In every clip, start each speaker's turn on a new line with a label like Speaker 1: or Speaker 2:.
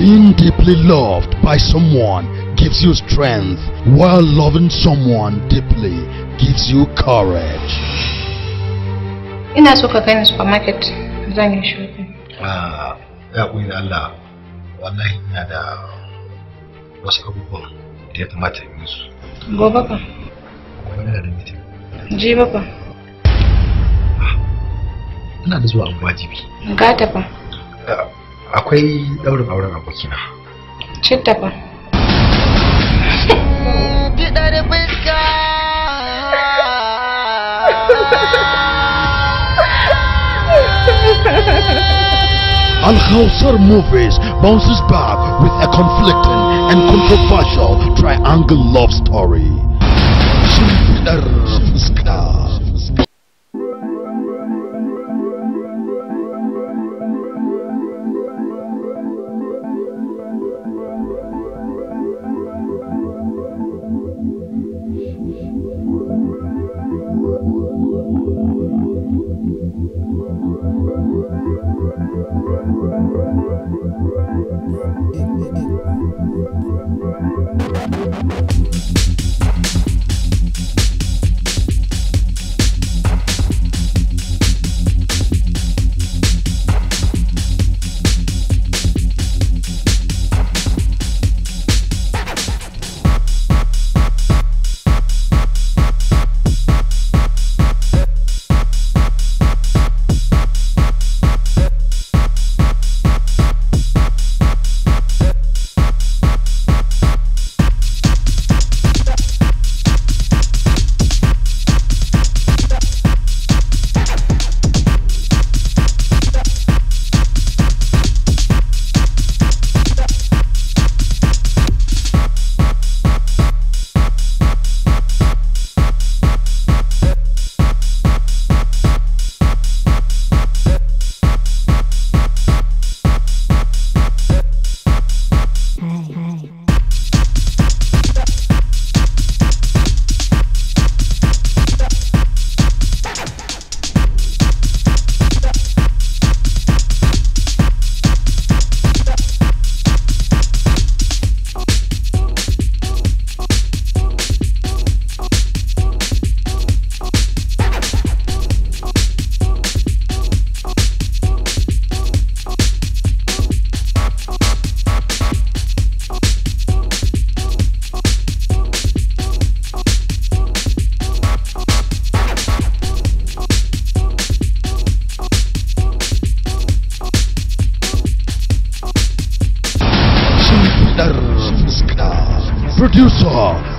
Speaker 1: Being deeply loved by someone gives you strength, while loving someone deeply gives you courage.
Speaker 2: Ina so ka supermarket zan yi shopping.
Speaker 1: Ah, ya kuyi da Allah.
Speaker 2: Wallahi ina da wasu ah, abubuwan da ya kamata in yi su. Gobe fa. Gobe da meeting. Jibi fa. Ina da zuwa Angwajibi. Gata fa akwai daurin auren abokina fuska
Speaker 1: Al-Khawsar Movies bounces back with a conflicting and controversial triangle love story. Thank you. Producer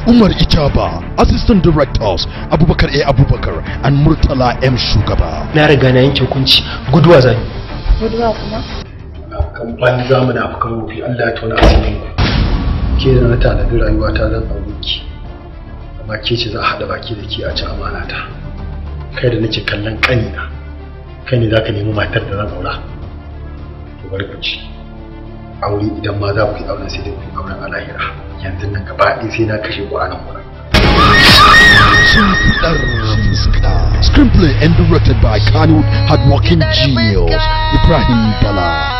Speaker 1: Umar Ichaba, Assistant Directors Abubakar A. Abubakar and Murtala M. Shugaba. Na riga na yanke hukunci guduwa zan. Guduwa kuma? Kan za zamu
Speaker 2: na fukan rufi Allah ya tona asirin ku. Ke da na tanadi rayuwa ta zan aure ki. Amma ke ce za a haɗa baki da ke a ci amana ta. Kai da nake kallon ƙanina. Kai ne za ka nemi matar da zan aura. To bari ku ci. aure idan ma za ku yi auren sai dai ku yi auren a lahira yanzu nan gaba ɗaya sai na kashe ku a nan wurin
Speaker 1: Screenplay and directed by Kanu Hardworking Genius Ibrahim Bala.